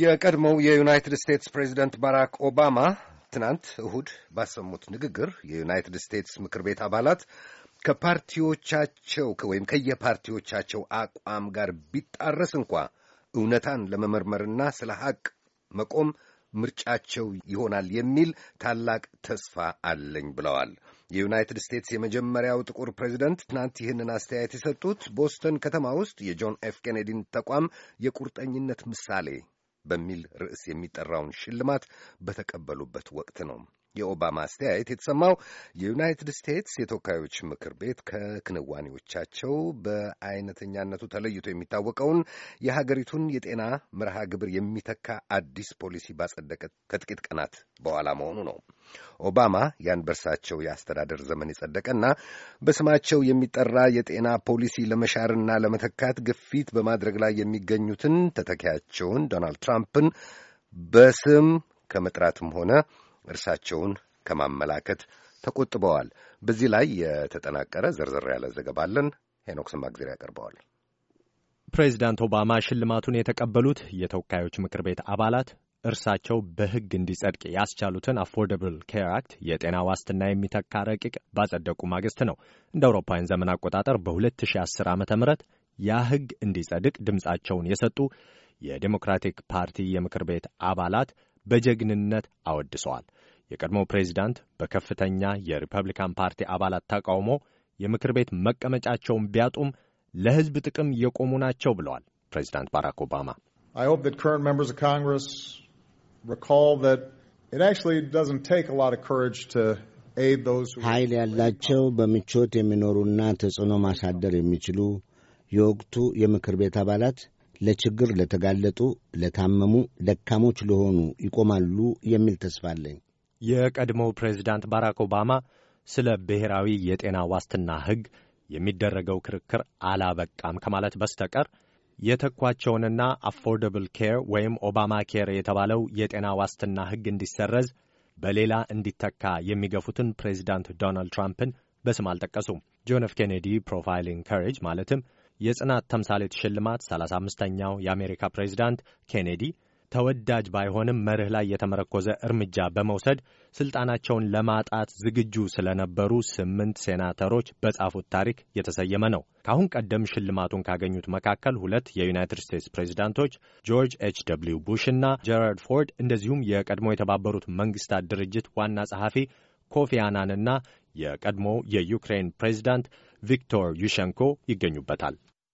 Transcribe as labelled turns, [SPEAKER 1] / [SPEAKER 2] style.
[SPEAKER 1] የቀድሞው የዩናይትድ ስቴትስ ፕሬዚደንት ባራክ ኦባማ ትናንት እሁድ ባሰሙት ንግግር የዩናይትድ ስቴትስ ምክር ቤት አባላት ከፓርቲዎቻቸው ወይም ከየፓርቲዎቻቸው አቋም ጋር ቢጣረስ እንኳ እውነታን ለመመርመርና ስለ ሐቅ መቆም ምርጫቸው ይሆናል የሚል ታላቅ ተስፋ አለኝ ብለዋል። የዩናይትድ ስቴትስ የመጀመሪያው ጥቁር ፕሬዚደንት ትናንት ይህንን አስተያየት የሰጡት ቦስተን ከተማ ውስጥ የጆን ኤፍ ኬኔዲን ተቋም የቁርጠኝነት ምሳሌ በሚል ርዕስ የሚጠራውን ሽልማት በተቀበሉበት ወቅት ነው። የኦባማ አስተያየት የተሰማው የዩናይትድ ስቴትስ የተወካዮች ምክር ቤት ከክንዋኔዎቻቸው በአይነተኛነቱ ተለይቶ የሚታወቀውን የሀገሪቱን የጤና መርሃ ግብር የሚተካ አዲስ ፖሊሲ ባጸደቀ ከጥቂት ቀናት በኋላ መሆኑ ነው። ኦባማ ያን በርሳቸው የአስተዳደር ዘመን የጸደቀና በስማቸው የሚጠራ የጤና ፖሊሲ ለመሻርና ለመተካት ግፊት በማድረግ ላይ የሚገኙትን ተተኪያቸውን ዶናልድ ትራምፕን በስም ከመጥራትም ሆነ እርሳቸውን ከማመላከት ተቆጥበዋል። በዚህ ላይ የተጠናቀረ ዘርዘር ያለ ዘገባ አለን። ሄኖክ ስማግዜር
[SPEAKER 2] ያቀርበዋል። ፕሬዚዳንት ኦባማ ሽልማቱን የተቀበሉት የተወካዮች ምክር ቤት አባላት እርሳቸው በሕግ እንዲጸድቅ ያስቻሉትን አፎርደብል ኬር አክት የጤና ዋስትና የሚተካ ረቂቅ ባጸደቁ ማግስት ነው። እንደ አውሮፓውያን ዘመን አቆጣጠር በ2010 ዓ ም ያ ሕግ እንዲጸድቅ ድምፃቸውን የሰጡ የዴሞክራቲክ ፓርቲ የምክር ቤት አባላት በጀግንነት አወድሰዋል። የቀድሞው ፕሬዚዳንት በከፍተኛ የሪፐብሊካን ፓርቲ አባላት ተቃውሞ የምክር ቤት መቀመጫቸውን ቢያጡም ለሕዝብ ጥቅም የቆሙ ናቸው ብለዋል ፕሬዚዳንት ባራክ ኦባማ።
[SPEAKER 3] ኃይል ያላቸው በምቾት የሚኖሩና ተጽዕኖ ማሳደር የሚችሉ የወቅቱ የምክር ቤት አባላት ለችግር ለተጋለጡ፣ ለታመሙ፣ ደካሞች ለሆኑ ይቆማሉ የሚል ተስፋ አለኝ።
[SPEAKER 2] የቀድሞው ፕሬዚዳንት ባራክ ኦባማ ስለ ብሔራዊ የጤና ዋስትና ሕግ የሚደረገው ክርክር አላበቃም ከማለት በስተቀር የተኳቸውንና አፎርደብል ኬር ወይም ኦባማ ኬር የተባለው የጤና ዋስትና ሕግ እንዲሰረዝ በሌላ እንዲተካ የሚገፉትን ፕሬዚዳንት ዶናልድ ትራምፕን በስም አልጠቀሱም። ጆን ኤፍ ኬኔዲ ፕሮፋይል ኢንካሬጅ ማለትም የጽናት ተምሳሌት ሽልማት 35ኛው የአሜሪካ ፕሬዚዳንት ኬኔዲ ተወዳጅ ባይሆንም መርህ ላይ የተመረኮዘ እርምጃ በመውሰድ ስልጣናቸውን ለማጣት ዝግጁ ስለነበሩ ስምንት ሴናተሮች በጻፉት ታሪክ የተሰየመ ነው። ከአሁን ቀደም ሽልማቱን ካገኙት መካከል ሁለት የዩናይትድ ስቴትስ ፕሬዚዳንቶች ጆርጅ ኤች ደብልዩ ቡሽ እና ጀራርድ ፎርድ እንደዚሁም የቀድሞ የተባበሩት መንግስታት ድርጅት ዋና ጸሐፊ ኮፊ አናንና የቀድሞ የዩክሬን ፕሬዚዳንት ቪክቶር ዩሸንኮ ይገኙበታል።